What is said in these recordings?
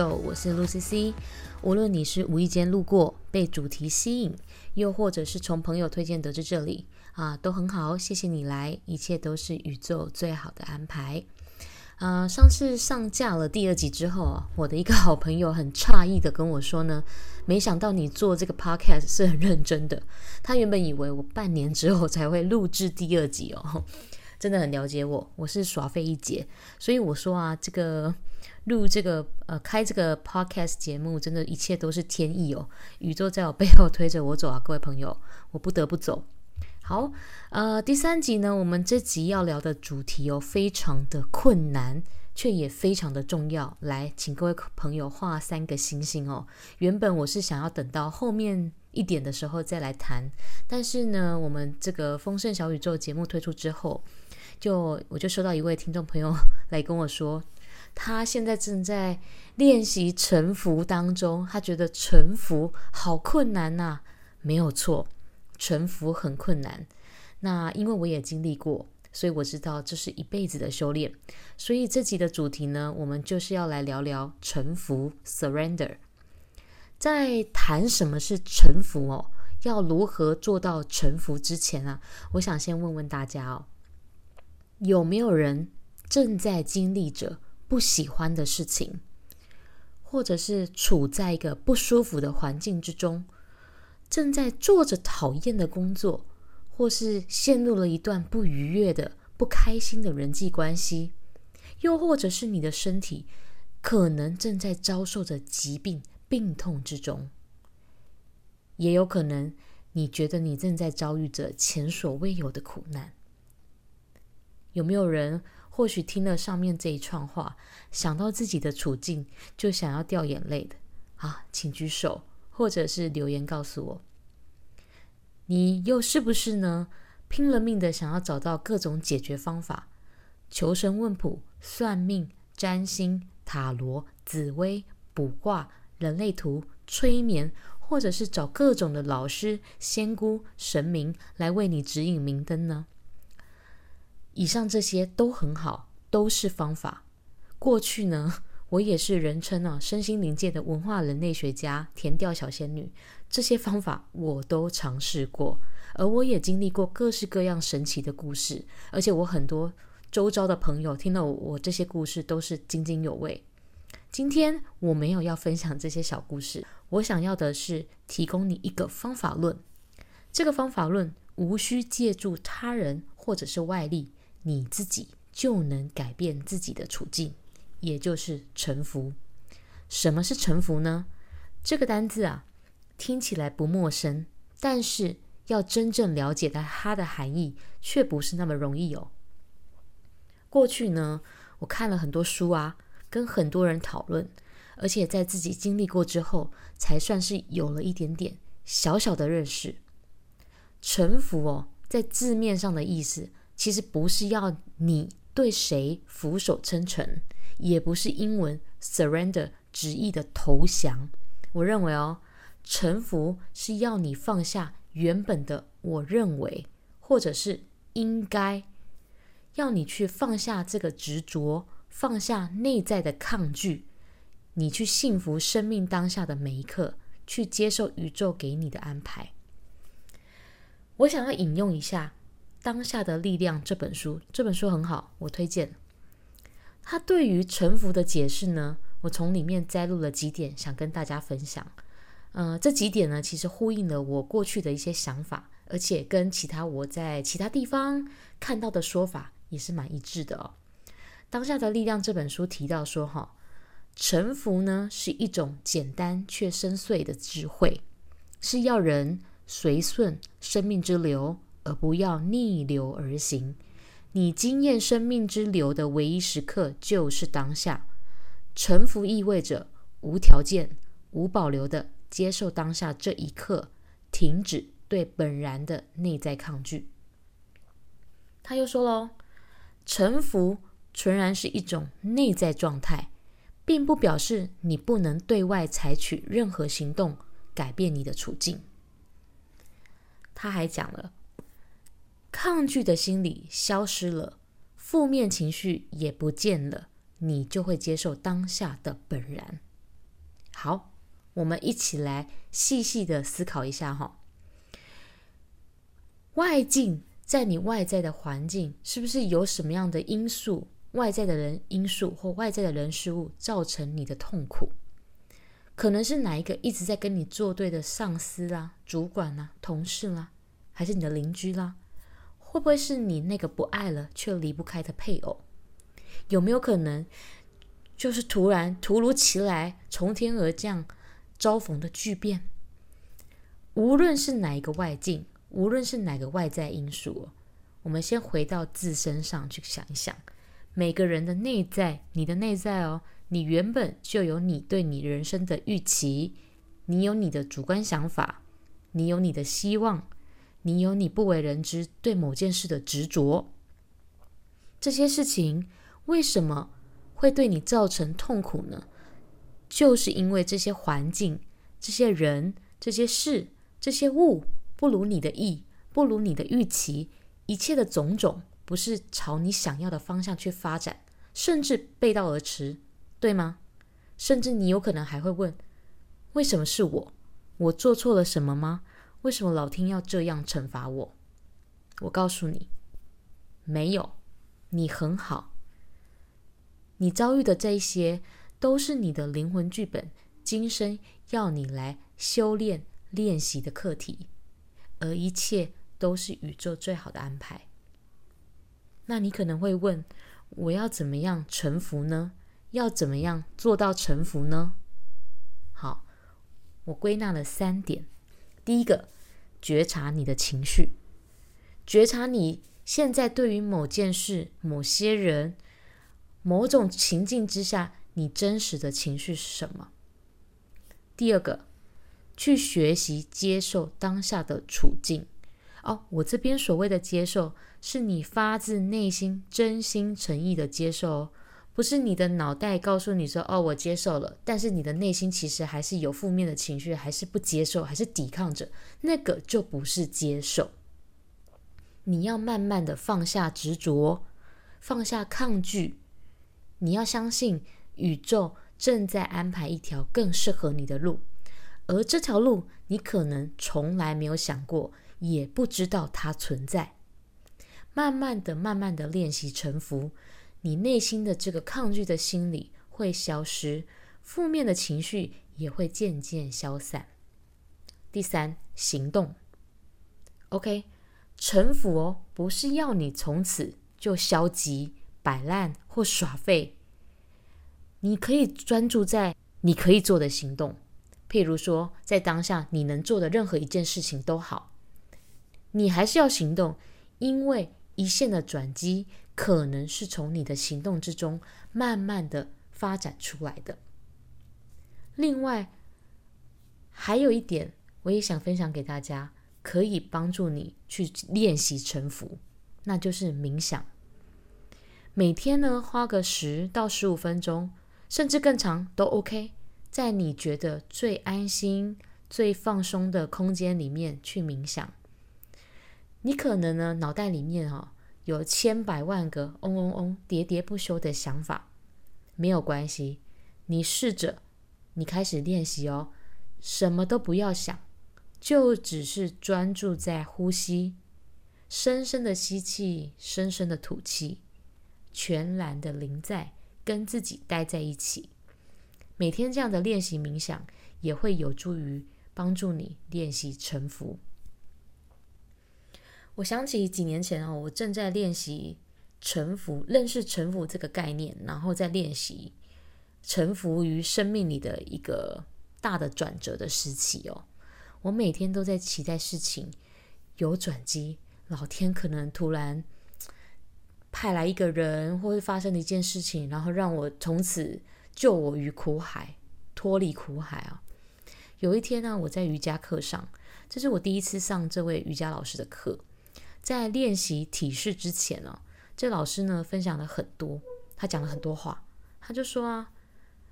我是 Lucy C，無論你是無意間路過被主題吸引，又或者是從朋友推薦得知這裡啊，都很好，謝謝你來，一切都是宇宙最好的安排。啊。上次上架了第二集之後啊，我的一個好朋友很詫異地跟我說呢，沒想到你做這個 Podcast 是很認真的，他原本以為我半年之後才會錄制第二集哦，真的很了解我，我是耍廢一節。所以我說啊，這個。錄這個呃，開這個 podcast 節目，真的一切都是天意哦，宇宙在我背後推着我走啊，各位朋友，我不得不走。好，呃，第三集呢，我們這集要聊的主題哦，非常的困難，卻也非常的重要。來，請各位朋友畫三個星星哦。原本我是想要等到後面一點的時候再來談，但是呢，我們這個豐盛小宇宙節目推出之後，就我就收到一位聽眾朋友來跟我說。他現在正在練習臣服當中，他覺得臣服好困難吶、啊，沒有錯，臣服很困難。那因為我也經歷過，所以我知道這是一輩子的修煉。所以這集的主題呢，我們就是要來聊聊臣服 （surrender）。在談什麼是臣服哦，要如何做到臣服之前啊，我想先問問大家哦，有沒有人正在經歷着？不喜歡的事情，或者是處在一個不舒服的環境之中，正在做着討厭的工作，或是陷入了一段不愉悅的、不開心的人際關係，又或者是你的身體可能正在遭受着疾病、病痛之中，也有可能你覺得你正在遭遇着前所未有的苦難。有沒有人？或許聽了上面這一串話，想到自己的處境，就想要掉眼淚的啊，請舉手，或者是留言告訴我。你又是不是呢？拼了命的想要找到各種解決方法，求神問卜、算命、占星、塔羅、紫微、卜卦、人類圖、催眠，或者是找各種的老師、仙姑、神明來為你指引明燈呢？以上這些都很好，都是方法。過去呢，我也是人稱啊，身心靈界的文化人類學家，甜調小仙女。這些方法我都嘗試過，而我也經歷過各式各樣神奇的故事。而且我很多周遭的朋友聽到我，我這些故事，都是津津有味。今天我沒有要分享這些小故事，我想要的是提供你一個方法論。這個方法論無需借助他人或者是外力。你自己就能改變自己的處境，也就是臣服。什麼是臣服呢？這個單字啊，聽起來不陌生，但是要真正了解它的含義，卻不是那麼容易有哦。過去呢，我看了很多書啊，跟很多人討論，而且在自己經歷過之後，才算是有了一點點小小的認識。臣服哦，在字面上的意思，其實不是要你對誰俯首稱臣，也不是英文 surrender 直譯的投降。我認為哦，臣服是要你放下原本的我認為，或者是應該，要你去放下這個執着，放下內在的抗拒，你去幸福生命當下的每一刻，去接受宇宙給你的安排。我想要引用一下。當下的力量這本書，這本書很好，我推薦。它對於臣服的解釋呢，我從裡面摘錄了幾點，想跟大家分享。呃，這幾點呢，其實呼應了我過去的一些想法，而且跟其他我在其他地方看到的說法也是蠻一致的哦。當下的力量這本書提到說，哈，臣服呢是一種簡單卻深邃的智慧，是要人隨順生命之流，而不要逆流而行。你經驗生命之流的唯一時刻就是當下。臣服意味着無條件、無保留的接受當下這一刻，停止對本然的內在抗拒。他又說咯：“嘍，臣服純然是一種內在狀態，並不表示你不能對外採取任何行動，改變你的處境。”他還講了。抗拒的心理消失了，負面情緒也不見了，你就會接受當下的本然。好，我們一起來細細的思考一下哈。外境在你外在的環境，是不是有什麼樣的因素？外在的人因素或外在的人事物造成你的痛苦？可能是哪一個一直在跟你作對的上司啦、啊、主管啦、啊、同事啦、啊，還是你的鄰居啦、啊？會不會是你那個不愛了卻離不開的配偶？有沒有可能，就是突然、突如其來、從天而降、遭逢的巨變？無論是哪一個外境，無論是哪個外在因素，我們先回到自身上去想一想，每個人的內在，你的內在哦，你原本就有你對你人生的預期，你有你的主觀想法，你有你的希望。你有你不為人知對某件事的執着，這些事情為什麼會對你造成痛苦呢？就是因為這些環境、這些人、這些事、這些物不如你的意，不如你的預期，一切的種種不是朝你想要的方向去發展，甚至背道而馳，對嗎？甚至你有可能還會問：為什麼是我？我做錯了什麼嗎？為什麼老天要這樣懲罰我？我告訴你，沒有，你很好。你遭遇的這一些，都是你的靈魂劇本，今生要你來修煉、練習的課題，而一切都是宇宙最好的安排。那你可能會問，我要怎麼樣臣服呢？要怎麼樣做到臣服呢？好，我歸納了三點。第一個，覺察你的情緒，覺察你現在對於某件事、某些人、某種情境之下，你真實的情緒是什麼。第二個，去學習接受當下的處境。哦，我這邊所謂的接受，是你發自內心、真心誠意的接受哦。不是你的腦袋告訴你說，哦，我接受了，但是你的內心其實還是有負面的情緒，還是不接受，還是抵抗着，那個就不是接受。你要慢慢的放下執着，放下抗拒，你要相信宇宙正在安排一條更適合你的路，而這條路你可能從來沒有想過，也不知道它存在。慢慢的，慢慢的練習臣服。你內心的這個抗拒的心理會消失，負面的情緒也會漸漸消散。第三，行動。OK，臣服哦，不是要你從此就消極、擺爛或耍廢。你可以專注在你可以做的行動，譬如說，在當下你能做的任何一件事情都好。你還是要行動，因為。一線的轉機，可能是從你的行動之中慢慢的發展出來的。另外，還有一點，我也想分享給大家，可以幫助你去練習臣服，那就是冥想。每天呢，花個十到十五分鐘，甚至更長都 OK，在你覺得最安心、最放鬆的空間裡面去冥想。你可能呢，腦袋裡面哈、哦、有千百萬個嗡嗡嗡、喋喋不休的想法，沒有關係，你試着，你開始練習哦，什麼都不要想，就只是專注在呼吸，深深的吸氣，深深的吐氣，全然的臨在，跟自己待在一起。每天這樣的練習冥想，也會有助於幫助你練習臣服。我想起幾年前哦，我正在練習臣服，認識臣服這個概念，然後在練習臣服於生命裡的一個大的轉折的時期哦。我每天都在期待事情有轉機，老天可能突然派來一個人，或是發生了一件事情，然後讓我從此救我於苦海，脫離苦海啊！有一天呢、啊，我在瑜伽課上，這是我第一次上這位瑜伽老師的課。在練習體式之前呢、哦，這老師呢分享了很多，他講了很多話，他就說啊，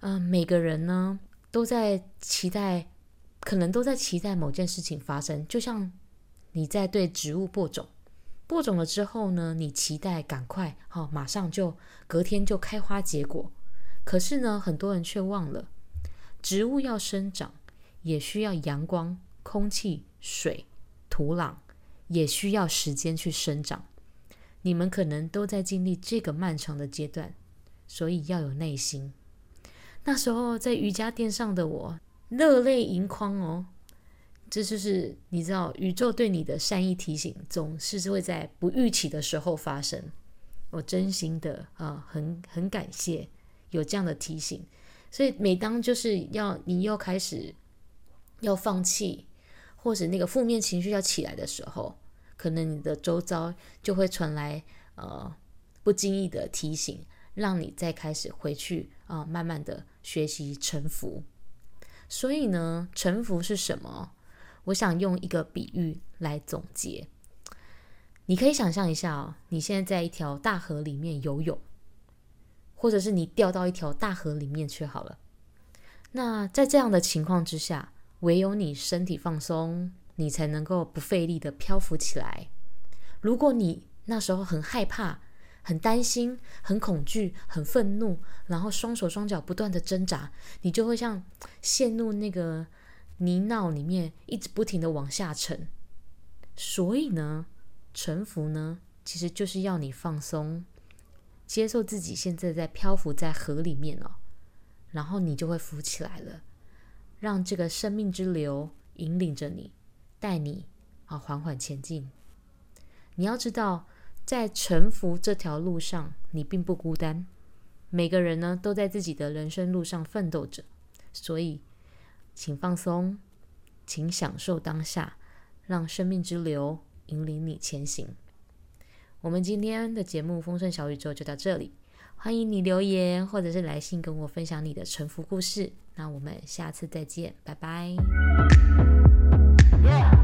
嗯、呃，每個人呢都在期待，可能都在期待某件事情發生，就像你在對植物播種，播種了之後呢，你期待趕快哈、哦，馬上就隔天就開花結果，可是呢，很多人卻忘了，植物要生長也需要陽光、空氣、水、土壤。也需要時間去生長，你們可能都在經歷這個漫長的階段，所以要有耐心。那時候在瑜伽墊上的我，熱淚盈眶哦，這就是你知道，宇宙對你的善意提醒，總是會在不預期的時候發生。我真心的啊，很很感謝有這樣的提醒，所以每當就是要你又開始要放棄。或是那個負面情緒要起來的時候，可能你的周遭就會傳來呃、不經意的提醒，讓你再開始回去啊、呃，慢慢的學習臣服。所以呢，臣服是什麼？我想用一個比喻來總結。你可以想象一下哦，你現在在一條大河裡面游泳，或者是你掉到一條大河裡面去好了。那在這樣的情況之下，唯有你身體放鬆，你才能夠不費力的漂浮起來。如果你那時候很害怕、很擔心、很恐懼、很憤怒，然後雙手雙腳不斷的掙扎，你就會像陷入那個泥淖裡面，一直不停的往下沉。所以呢，臣服呢，其實就是要你放鬆，接受自己現在在漂浮在河裡面哦，然後你就會浮起來了。讓這個生命之流引領着你，帶你啊緩緩前進。你要知道，在臣服這條路上，你並不孤單。每個人呢，都在自己的人生路上奮鬥着。所以，請放鬆，請享受當下，讓生命之流引領你前行。我們今天的節目《豐盛小宇宙》就到這裡。歡迎你留言，或者是來信跟我分享你的臣服故事。那我們下次再見，拜拜。Yeah.